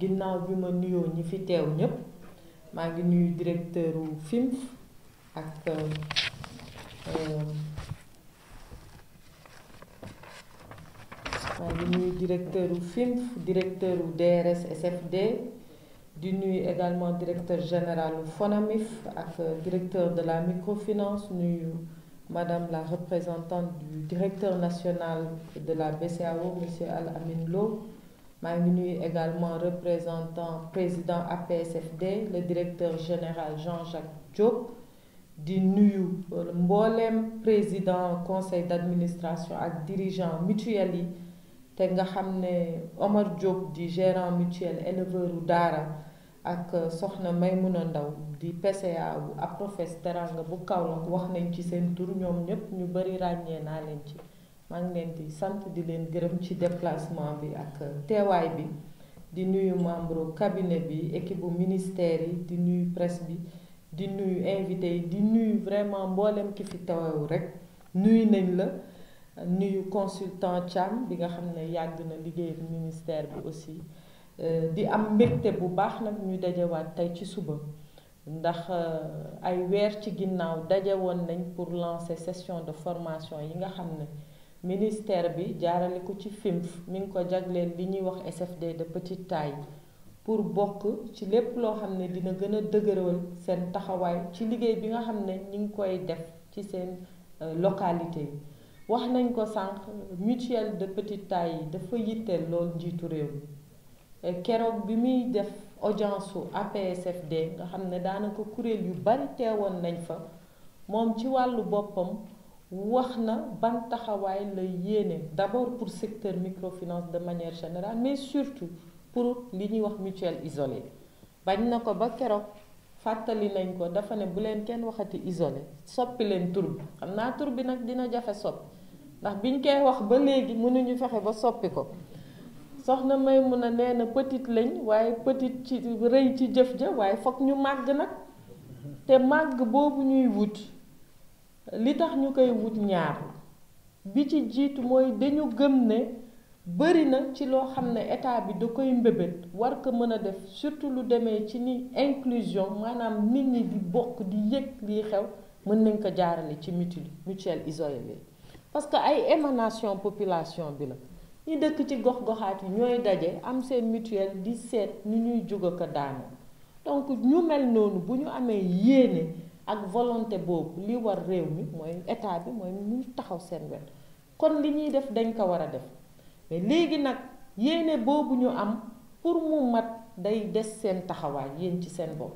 ginnaaw bi ma nuyoo ñi fi teew ñépp maa ngi nuyu directeur wu FIMF ak maa ngi nuyu directeur wu FIMF directeur wu DRS SFD di nuyu également directeur général wu FONAMIF ak directeur de la microfinance nuyu madame la représentante du directeur national de la BCAO monsieur Al Amin Lo maa ngi nuyu également représentant président APSFD le directeur général Jean-Jacques Diop di nuyu mbooleem président conseil d'administration ak dirigeant mutuelle yi te nga xam ne Omar Diop di gérant mutuelle éleveur u daara ak soxna mun a Ndaw di PCA bu Aprofes Teranga bu Kaolack wax nañ ci seen tur ñoom ñëpp ñu bari ràññee naa leen ci maa ngi di sant di leen gërëm ci déplacement bi ak teewaay bi di nuyu membre cabinet bi équipe bu ministère yi di nuyu presse bi di nuyu invité yi di nuyu vraiment mboolem ki fi teewu rek nuyu nañ la nuyu consultant Thiam bi nga xam ne yàgg na liggéey ministère bi aussi euh, di am mbégte bu baax nag ñuy dajewaat tey ci suba ndax euh, ay weer ci ginnaaw daje woon nañ pour lancer session de formation yi nga xam ne ministère bi jaarale ko ci FIMF mi ngi ko jagleel bi ñuy wax SFD de petite taille pour bokk ci lépp loo xam ne dina gën a dëgëral seen taxawaay ci liggéey bi nga xam ne ñu ngi koy def ci seen euh, localité yi wax nañ ko sànq mutuelle de petite taille yi dafa yitteel lool njiitu réew mi keroog bi muy def audience su APSFD nga xam ne daanaka kuréel yu bari teewoon nañ fa moom ci wàllu boppam wax na ban taxawaay la yéene d'abord pour secteur microfinance de manière générale mais surtout pour li ñuy wax mutuelle isolée bañ na ko ba keroog fàttali nañ ko dafa ne bu leen kenn waxati isolé soppi leen tur xam naa tur bi nag dina jafe soppi ndax biñ koy wax ba léegi mënuñu fexe ba soppi ko soxna may mun a nee na petite lañ waaye pëtit ci rëy ci jëf ja waaye foog ñu màgg nag te màgg boobu ñuy wut li tax ñu koy wut ñaar bi ci jiitu mooy dañu gëm ne bëri na ci loo xam ne état bi da koy mbébét war ko mën a def surtout lu demee ci ni inclusion maanaam nit ñi di bokk di yëg lii xew mën nañ ko jaarale ci mutuelle mutuelle isolée parce que ay émanation population bi la ñi dëkk ci gox-goxaat yi ñooy daje am seen mutuelle di seet ni ñuy jóg ko daanoo donc ñu mel noonu bu ñu amee yéene. ak volonté boobu li war réew mi mooy état bi mooy mu taxaw seen wet kon li ñuy def dañ ko war a def mais léegi nag yéene boobu ñu am pour mu mat day des seen taxawaay yéen ci seen bopp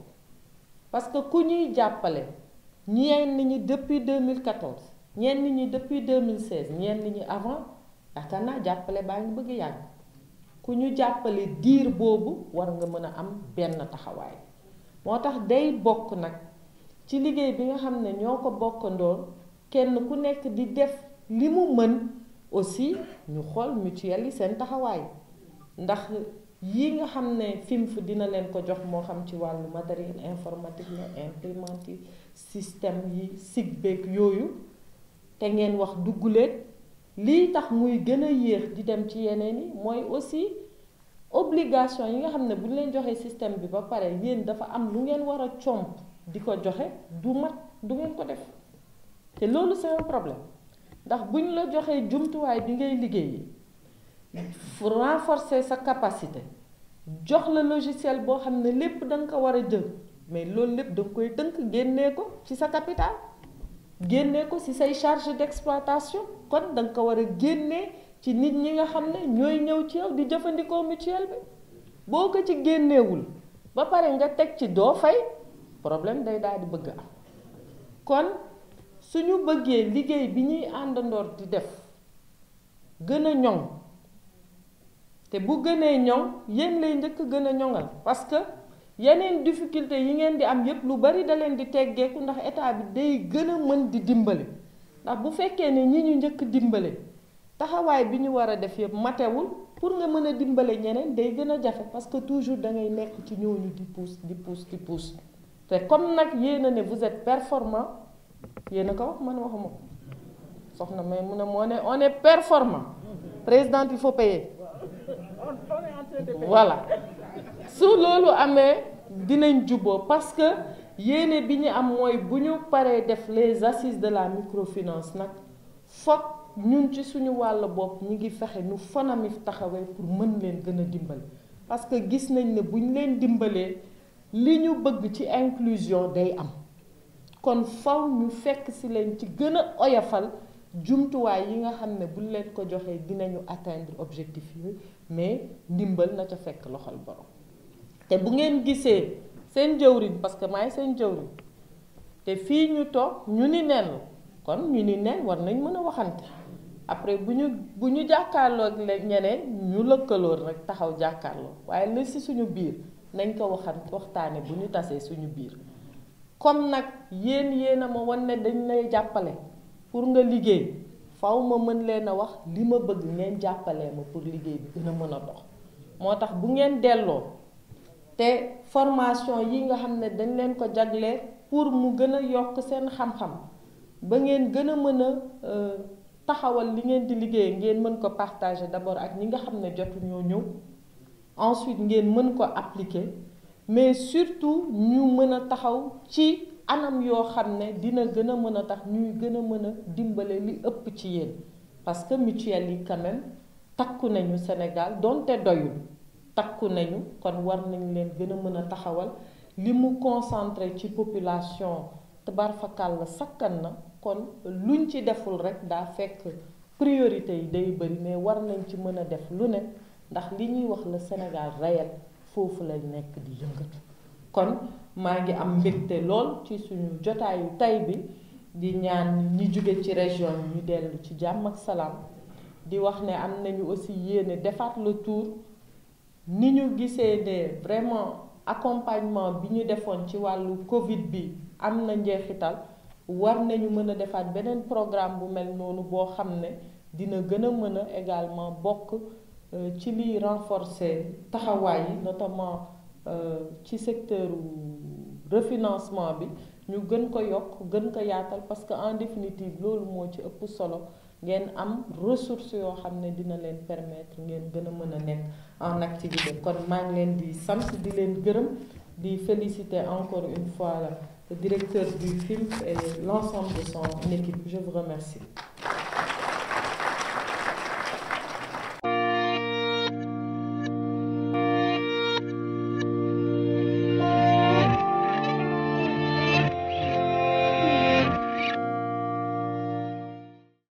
parce que ku ñuy jàppale ñeen ñi depuis 2014 ñeen ñi depuis 2016 ñeen ñi avant yaakaar naa jàppale baa ngi bëgg yàgg ku ñu jàppale diir boobu war nga mën a am benn taxawaay moo tax day bokk nag. ci liggéey bi nga xam ne ñoo ko bokkandoon kenn ku nekk di def li mu mën aussi ñu xool mutuelle yi seen taxawaay ndax yi nga xam ne FIMF dina leen ko jox moo xam ci wàllu matériel informatique la imprimante yi système yi sig beeg yooyu te ngeen wax dugguleet lii tax muy gën a yéex di dem ci yeneen yi mooy aussi obligation yi nga xam ne bu leen joxee système bi ba pare yéen dafa am lu ngeen war a comp di ko joxe du mat du ngeen ko def te loolu c'est un problème ndax bu ñu la joxee jumtuwaay bi ngay liggéeyee renforcer sa capacité jox la logiciel boo xam ne lépp da ko war a jël mais loolu lépp da koy tënk génnee ko ci sa capital génnee ko si say charge d'exploitation kon da ko war a génnee ci nit ñi nga xam ne ñooy ñëw ci yow di jëfandikoo mutuel bi boo ko ci génneewul ba pare nga teg ci doo fay. problème day daal di bëgg am kon suñu bëggee liggéey bi ñuy àndandoor di def gën a ñoŋ te bu gënee ñoŋ yéen lay njëkk gën a ñoŋal parce que yeneen difficulté yi ngeen di am yépp lu bari da leen di teggeeku ndax état bi day gën a mën di dimbale ndax bu fekkee ne ñi ñu njëkk dimbale taxawaay bi ñu war a def yépp matewul pour nga mën a dimbale ñeneen day gën a jafe parce que toujours da ngay nekk ci ñooñu di pousse di pousse di pousse te comme nag yéen ne vous êtes performant yéen a ko wax man waxuma ko soxna may mu ne moo ne on est performant présidente il faut payer voilà su loolu amee dinañ juboo parce que yéene bi ñu am mooy bu ñu paree def les assises de la microfinance nag foog ñun ci suñu wàll bopp ñi ngi fexe nu Fonamif taxawee pour mën leen gën a dimbali parce que gis nañ ne bu ñu leen dimbalee li ñu bëgg ci inclusion day am kon faw ñu fekk si leen ci gën a oyafal jumtuwaay yi nga xam ne buñ leen ko joxee dinañu atteindre objectif yi mais ndimbal na ca fekk loxol borom te bu ngeen gisee seen jëwriñ parce que maay seen jëwriñ te fii ñu toog ñu ni nen kon ñu ni nen war nañ mën a waxante après bu ñu bu ñu jàkkaarloo ak ñeneen ñu lëkkaloo rek taxaw jàkkaarloo waaye la si suñu biir nañ ko waxan waxtaane bu ñu tasee suñu biir comme nag yéen yéen a ma wan ne dañ lay jàppale pour nga liggéey faw ma mën leen a wax li ma bëgg ngeen jàppalee ma pour liggéey bi gën a mën a dox moo tax bu ngeen delloo te formation yi nga xam ne dañ leen ko jagle pour mu gën a yokk seen xam-xam ba ngeen gën a mën a euh, taxawal li ngeen di liggéey ngeen mën ko partager d'abord ak ñi nga xam ne jotu ñoo ñëw ensuite ngeen mën ko appliquer mais surtout ñu mën a taxaw ci anam yoo xam ne dina gën a mën a tax ñuy gën a mën a dimbale li ëpp ci yéen parce que mutuelle yi quand même takku nañu Sénégal donte doyul takku nañu kon war nañ leen gën a mën a taxawal li mu concentré ci population tabarfakal la sakkan na kon luñ ci deful rek daa fekk priorité yi day bëri mais war nañ ci mën a def lu ne ndax li ñuy wax la Sénégal réel foofu la nekk di yëngatu kon maa ngi am mbégte lool ci suñu jotaayu tay bi di ñaan ñi jóge ci région ñu dellu ci jàmm ak salaam di wax ne am nañu aussi yéene defaat le tour ni ñu gisee ne vraiment accompagnement bi ñu defoon ci wàllu Covid bi am na njeexital war nañu mën a defaat beneen programme bu mel noonu boo xam ne dina gën a mën a également bokk Euh, ci liy renforcer taxawaay yi notamment euh, ci secteur refinancement bi ñu gën ko yokk gën ko yaatal parce que en définitive loolu moo ci ëpp solo ngeen am ressource yoo xam ne dina leen permettre ngeen gën a mën a nekk en activité kon maa ngi leen di sant di leen gërëm di féliciter encore une fois la directeur du film et l'ensemble de son équipe je vous